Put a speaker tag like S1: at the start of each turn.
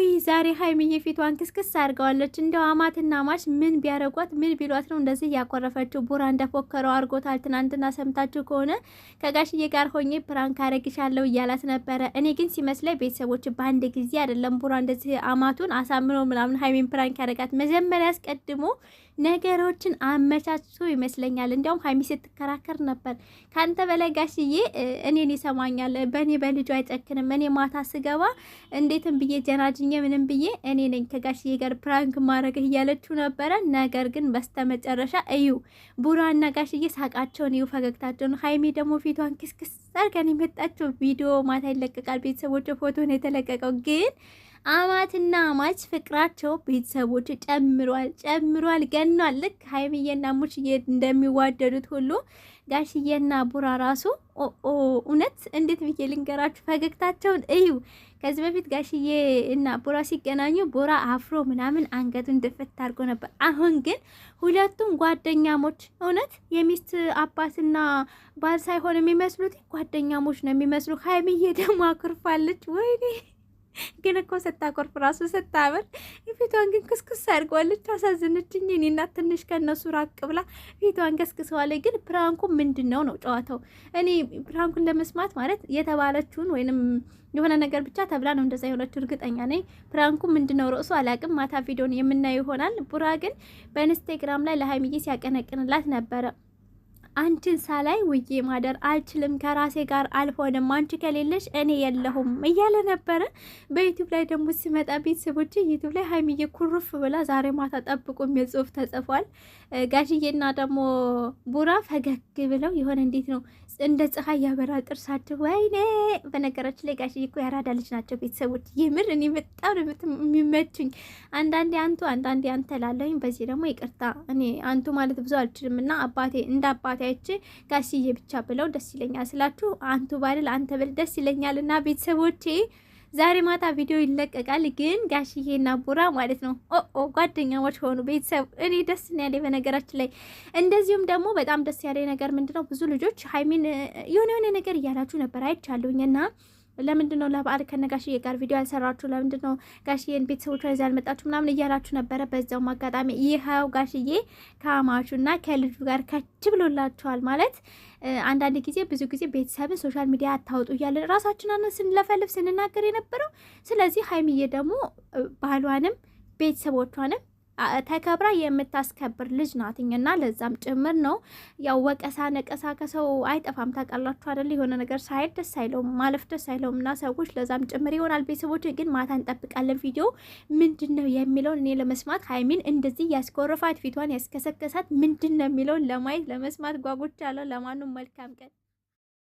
S1: ውይ ዛሬ ሀይሚዬ ፊቷን ክስክስ አድርገዋለች። እንደው አማትና ማች ምን ቢያረጓት ምን ቢሏት ነው እንደዚህ ያኮረፈችው? ቡራ እንደፎከረው አድርጎታል። ትናንትና ሰምታችሁ ከሆነ ከጋሽዬ ጋር ሆኜ ፕራንክ አረግሻለሁ እያላት ነበረ። እኔ ግን ሲመስለኝ ቤተሰቦች በአንድ ጊዜ አይደለም ቡራ እንደዚህ አማቱን አሳምኖ ምናምን ሀይሚን ፕራንክ ያረጋት፣ መጀመሪያ አስቀድሞ ነገሮችን አመቻችቶ ይመስለኛል። እንዲያውም ሀይሚ ስትከራከር ነበር። ከአንተ በላይ ጋሽዬ እኔን ይሰማኛል፣ በእኔ በልጁ አይጨክንም። እኔ ማታ ስገባ እንዴትም ብዬ ጀናጅ ብዬ ምንም ብዬ እኔ ነኝ ከጋሽዬ ጋር ፕራንክ ማድረግህ እያለችው ነበረ። ነገር ግን በስተመጨረሻ እዩ ቡራና ጋሽዬ ሳቃቸውን እዩ፣ ፈገግታቸውን። ሀይሜ ደግሞ ፊቷን ክስክስ አድርገን የመጣቸው ቪዲዮ ማታ ይለቀቃል። ቤተሰቦች ፎቶን የተለቀቀው ግን አማትና አማች ፍቅራቸው ቤተሰቦች ጨምሯል ጨምሯል ገኗል። ልክ ሀይምዬና ሙሽዬ እንደሚዋደዱት ሁሉ ጋሽዬና ቡራ ራሱ እውነት እንዴት ብዬ ልንገራችሁ ፈገግታቸውን እዩ። ከዚህ በፊት ጋሽዬ እና ቡራ ሲገናኙ ቡራ አፍሮ ምናምን አንገቱን ድፍት አድርጎ ነበር። አሁን ግን ሁለቱም ጓደኛሞች እውነት የሚስት አባትና ባል ሳይሆን የሚመስሉት ጓደኛሞች ነው የሚመስሉ። ሀይምዬ ደግሞ አኩርፋለች። ወይኔ ግን እኮ ስታኮርፍ ራሱ ስታምር ፊቷን ግን ክስክስ አድርገዋለች። አሳዝንችኝ እኔና ትንሽ ከእነሱ ራቅ ብላ ፊቷን ከስክሰዋለች። ግን ፕራንኩ ምንድን ነው ነው ጨዋታው። እኔ ፕራንኩን ለመስማት ማለት የተባለችውን ወይንም የሆነ ነገር ብቻ ተብላ ነው እንደዛ የሆነችው እርግጠኛ ነኝ። ፕራንኩ ምንድን ነው ርዕሱ አላቅም። ማታ ቪዲዮን የምናየው ይሆናል። ቡራ ግን በኢንስታግራም ላይ ለሀይሚዬ ሲያቀነቅንላት ነበረ። አንቺን ሳላይ ውዬ ማደር አልችልም፣ ከራሴ ጋር አልሆንም፣ አንቺ ከሌለሽ እኔ የለሁም እያለ ነበረ። በዩቱብ ላይ ደግሞ ሲመጣ ቤተሰቦች ዩቱብ ላይ ሀይሚዬ ኩርፍ ብላ ዛሬ ማታ ጠብቁ የሚል ጽሁፍ ተጽፏል። ጋሽዬና ደግሞ ቡራ ፈገግ ብለው የሆነ እንዴት ነው እንደ ፀሐይ ያበራ ጥርሳቸው። ወይኔ በነገራችን ላይ ጋሽዬ እኮ ያራዳ ልጅ ናቸው። ቤተሰቦች የምር እኔ በጣም የሚመችኝ አንዳንዴ አንቱ አንዳንዴ አንተ ላለኝ በዚህ ደግሞ ይቅርታ እኔ አንቱ ማለት ብዙ አልችልም እና አባቴ እንደ አባቴ ሲጫወት አይቼ ጋሽዬ ብቻ ብለው ደስ ይለኛል ስላችሁ አንቱ ባልል አንተ ብል ደስ ይለኛል። እና ቤተሰቦቼ ዛሬ ማታ ቪዲዮ ይለቀቃል። ግን ጋሽዬና ቡራ ማለት ነው ኦ ጓደኛሞች ሆኑ። ቤተሰብ እኔ ደስ ነው ያለኝ በነገራችን ላይ። እንደዚሁም ደግሞ በጣም ደስ ያለኝ ነገር ምንድነው ብዙ ልጆች ሀይሚን የሆነ የሆነ ነገር እያላችሁ ነበር አይቻለሁኝ እና ለምንድን ነው ለበዓል ከነጋሽዬ ጋር ቪዲዮ ያልሰራችሁ? ለምንድን ነው ጋሽዬን ቤተሰቦቿ ይዛ ያልመጣችሁ? ምናምን እያላችሁ ነበረ። በዛውም አጋጣሚ ይኸው ጋሽዬ ከአማቹና ከልጁ ጋር ከች ብሎላችኋል። ማለት አንዳንድ ጊዜ ብዙ ጊዜ ቤተሰብን ሶሻል ሚዲያ አታውጡ እያለን ራሳችንን ስንለፈልፍ ስንናገር የነበረው። ስለዚህ ሀይሚዬ ደግሞ ባህሏንም ቤተሰቦቿንም ተከብራ የምታስከብር ልጅ ናትኝ እና ለዛም ጭምር ነው ያው ወቀሳ ነቀሳ ከሰው አይጠፋም። ታውቃላችሁ አይደል? የሆነ ነገር ሳይል ደስ አይለውም፣ ማለፍ ደስ አይለውም እና ሰዎች ለዛም ጭምር ይሆናል። ቤተሰቦች ግን ማታ እንጠብቃለን ቪዲዮ ምንድን ነው የሚለውን እኔ ለመስማት ሀይሚን እንደዚህ ያስኮረፋት ፊቷን ያስከሰከሳት ምንድን ነው የሚለውን ለማየት ለመስማት ጓጉቻለሁ። ለማኑም መልካም ቀን